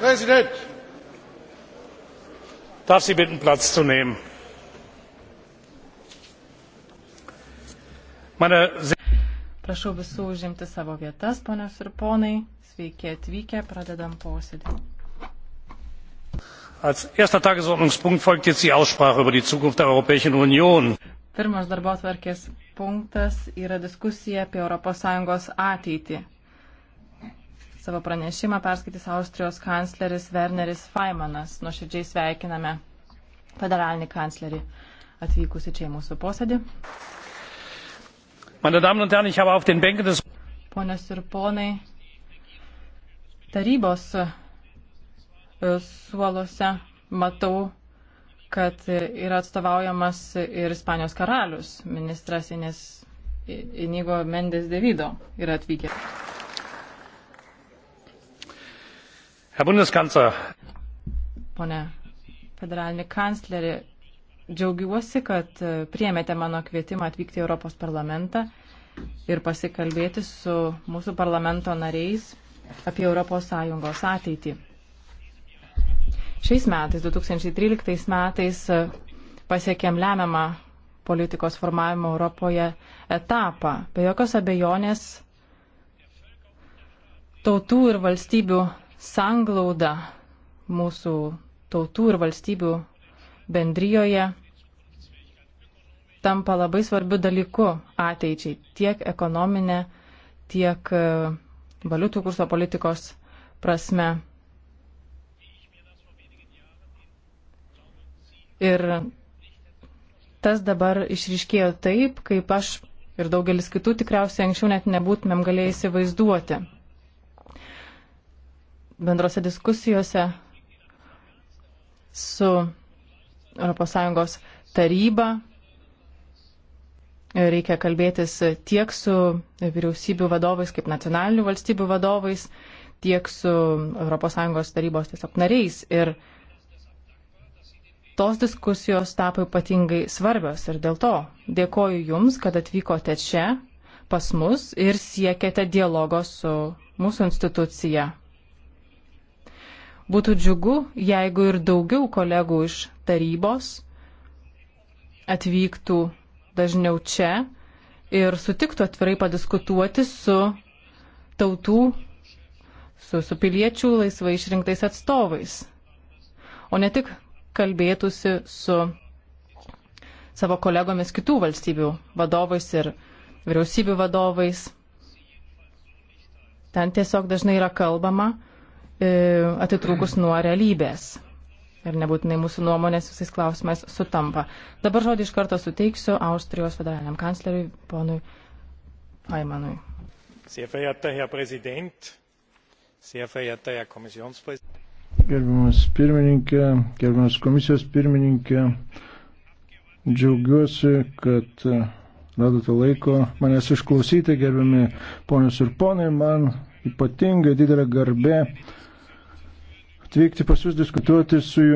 präsident! ich darf sie bitten platz zu nehmen. prašau visų užimti savo vietas ponios ir ponai sveiki atvykę pradedam posėdį. als erster tagesordnungspunkt folgt jetzt die aussprache über die zukunft der europäischen union. pirmas darbotvarkės punktas yra diskusija apie europos sąjungos ateitį. Savo pranešimą perskaitys Austrijos kancleris Werneris Feimanas. Nuoširdžiai sveikiname federalinį kanclerį atvykusi čia į mūsų posėdį. Ponios ir ponai, tarybos e, suolose matau, kad yra atstovaujamas ir Ispanijos karalius, ministras Ines Inigo Mendes Devido yra atvykęs. Herr Bundeskanzler. Pone federalinį kanclerį, džiaugiuosi, kad e, priemėte mano kvietimą atvykti į Europos parlamentą ir pasikalbėti su mūsų parlamento nariais apie ES ateitį. Šiais metais, 2013 metais, e, pasiekėm lemiamą politikos formavimo Europoje etapą. Be jokios abejonės, tautų ir valstybių sanglauda mūsų tautų ir valstybių bendryjoje tampa labai svarbiu dalyku ateičiai tiek ekonominė, tiek e, valiutų kurso politikos prasme. Ir tas dabar išryškėjo taip, kaip aš ir daugelis kitų tikriausiai anksčiau net nebūtumėm galėję įsivaizduoti bendrose diskusijose su ES taryba. Reikia kalbėtis tiek su vyriausybių vadovais, kaip nacionalinių valstybių vadovais, tiek su ES tarybos tiesiog nariais. Ir tos diskusijos tapo ypatingai svarbios ir dėl to dėkoju Jums, kad atvykote čia pas mus ir siekėte dialogo su mūsų institucija. Būtų džiugu, jeigu ir daugiau kolegų iš tarybos atvyktų dažniau čia ir sutiktų atvirai padiskutuoti su tautų, su, su piliečių laisvai išrinktais atstovais. O ne tik kalbėtųsi su savo kolegomis kitų valstybių vadovais ir vyriausybių vadovais. Ten tiesiog dažnai yra kalbama E, atitrūkus nuo realybės. Ir nebūtinai mūsų nuomonės visais klausimais sutampa. Dabar žodį iš karto suteiksiu Austrijos federaliniam kancleriui, ponui Aimanui. Sehr verehrter Herr Präsident, sehr verehrter Herr Kommissionspräsident. Gerbiamas pirmininkė, gerbiamas komisijos pirmininkė, džiaugiuosi, kad radote laiko manęs išklausyti, gerbiami ponius ir ponai. Man ypatingai didelė garbė atvykti pas jūs diskutuoti su jumis.